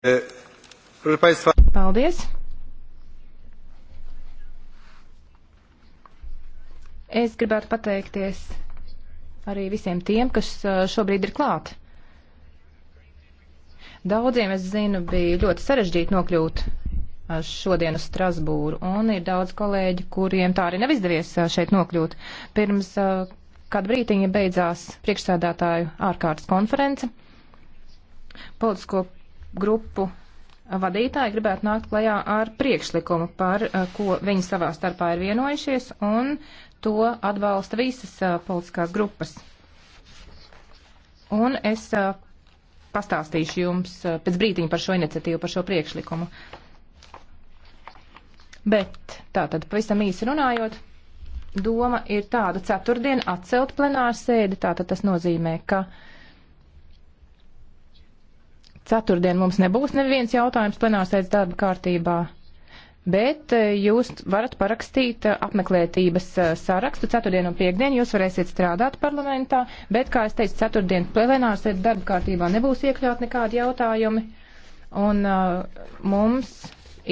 E, Paldies! Es gribētu pateikties arī visiem tiem, kas e, šobrīd ir klāt. Daudziem, es zinu, bija ļoti sarežģīti nokļūt e, šodien uz Strasbūru, un ir daudz kolēģi, kuriem tā arī nav izdevies šeit nokļūt. Pirms kādu brītiņu beidzās priekšsēdētāju ārkārtas konference. Politisko grupu vadītāji gribētu nākt klajā ar priekšlikumu, par eh, ko viņi savā starpā ir vienojušies, un to atbalsta visas eh, politiskās grupas. Un es eh, pastāstīšu jums pēc brītiņa par šo iniciatīvu, par šo priekšlikumu. Bet tā tad pavisam īsi runājot, doma ir tāda ceturtdien atcelt plenāru sēdi, tātad tas nozīmē, ka uh, Ceturtdien mums nebūs neviens jautājums plenārsēdz darba kārtībā, bet eh, jūs varat parakstīt eh, apmeklētības eh, sarakstu. Ceturtdien un piekdien jūs varēsiet strādāt parlamentā, bet, kā es teicu, ceturtdien plenārsēdz darba kārtībā nebūs iekļaut nekādi jautājumi. Un uh, mums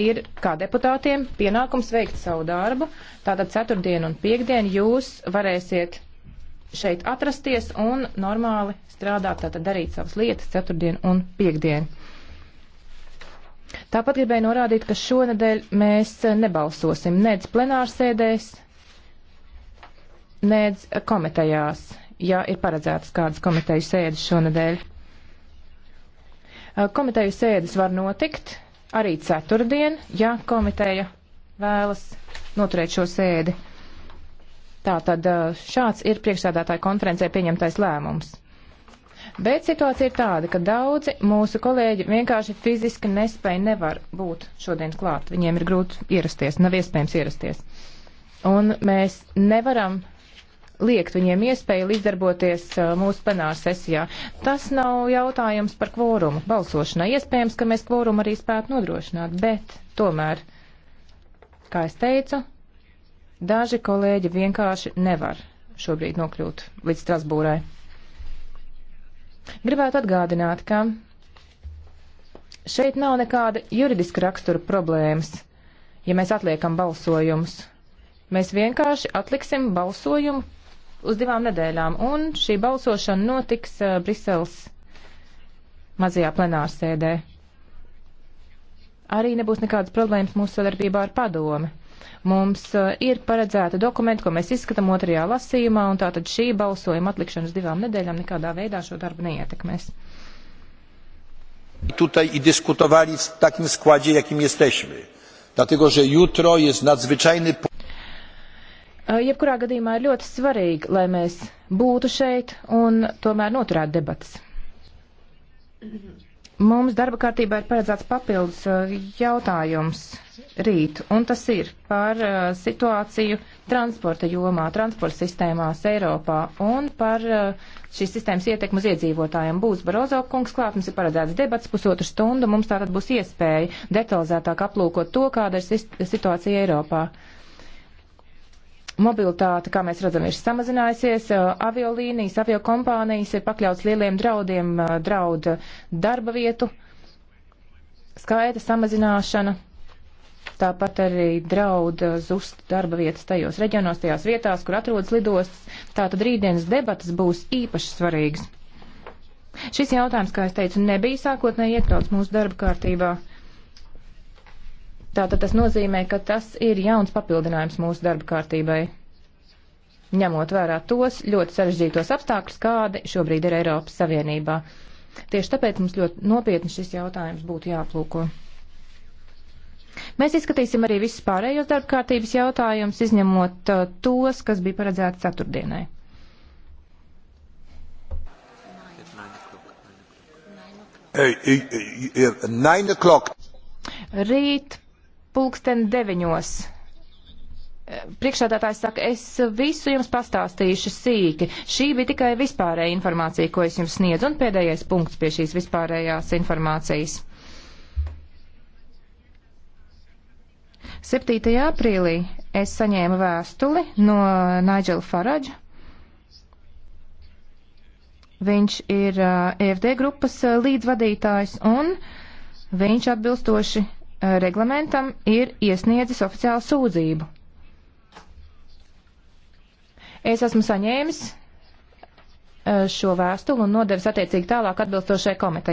ir kā deputātiem pienākums veikt savu darbu. Tātad ceturtdien un piekdien jūs varēsiet šeit atrasties un normāli strādāt, tātad darīt savas lietas ceturtdien un piekdien. Tāpat gribēju norādīt, ka šonadēļ mēs nebalsosim nec plenārsēdēs, nec komitejās, ja ir paredzētas kādas komiteju sēdes šonadēļ. Komiteju sēdes var notikt arī ceturtdien, ja komiteja vēlas noturēt šo sēdi. Tātad šāds ir priekšsēdētāja konferencē pieņemtais lēmums. Bet situācija ir tāda, ka daudzi mūsu kolēģi vienkārši fiziski nespēja, nevar būt šodien klāt. Viņiem ir grūti ierasties, nav iespējams ierasties. Un mēs nevaram liekt viņiem iespēju līdzdarboties mūsu plenāra sesijā. Tas nav jautājums par kvorumu balsošanai. Iespējams, ka mēs kvorumu arī spētu nodrošināt, bet tomēr, kā es teicu, Daži kolēģi vienkārši nevar šobrīd nokļūt līdz Strasbūrai. Gribētu atgādināt, ka šeit nav nekāda juridiska rakstura problēmas, ja mēs atliekam balsojumus. Mēs vienkārši atliksim balsojumu uz divām nedēļām, un šī balsošana notiks uh, Briseles mazajā plenārsēdē. Arī nebūs nekādas problēmas mūsu sadarbībā ar padomi. Mums eh, ir paredzēta dokumenta, ko mēs izskatām otrajā lasījumā, un tātad šī balsojuma atlikšana uz divām nedēļām nekādā veidā šo darbu neietekmēs. Tutaj i dyskutowali w takim składzie, jakim jesteśmy. Dlatego, że jutro jest nadzwyczajny. Eh, jebkurā gadījumā ir ļoti svarīgi, lai mēs būtu šeit un tomēr noturētu debatas. Mm-hmm. Mums darba kārtībā ir paredzēts papildus uh, jautājums rīt, un tas ir par uh, situāciju transporta jomā, transporta sistēmās Eiropā un par uh, šīs sistēmas ietekmu uz iedzīvotājiem. Būs Barozo kungs klāt, mums ir paredzēts debats pusotru stundu, mums tātad būs iespēja detalizētāk aplūkot to, kāda ir situācija Eiropā. Mobilitāte, kā mēs redzam, ir samazinājusies, aviolīnijas, aviokompānijas ir pakļauts lieliem draudiem, draud darba vietu, skaita samazināšana, tāpat arī draud zust darba vietas tajos reģionos, tajās vietās, kur atrodas lidostas. Tātad rītdienas debatas būs īpaši svarīgas. Šis jautājums, kā es teicu, nebija sākotnēji iekļauts mūsu darba kārtībā. Tātad tas nozīmē, ka tas ir jauns papildinājums mūsu darba kārtībai, ņemot vērā tos ļoti sarežģītos apstākļus, kādi šobrīd ir Eiropas Savienībā. Tieši tāpēc mums ļoti nopietni šis jautājums būtu jāplūko. Mēs izskatīsim arī visus pārējos darba kārtības jautājumus, izņemot uh, tos, kas bija paredzēti ceturtdienai. Nine o'clock. Rīt pulksten deviņos. Priekšādātājs saka, es visu jums pastāstīšu sīki. Šī bija tikai vispārēja informācija, ko es jums sniedzu, un pēdējais punkts pie šīs vispārējās informācijas. 7. aprīlī es saņēmu vēstuli no Nigela Faradža. Viņš ir uh, EFD grupas uh, līdzvadītājs un viņš atbilstoši reglamentam ir iesniedzis oficiālu sūdzību. Es esmu saņēmis eh, šo vēstuli un nodevis attiecīgi tālāk atbilstošai komitejai.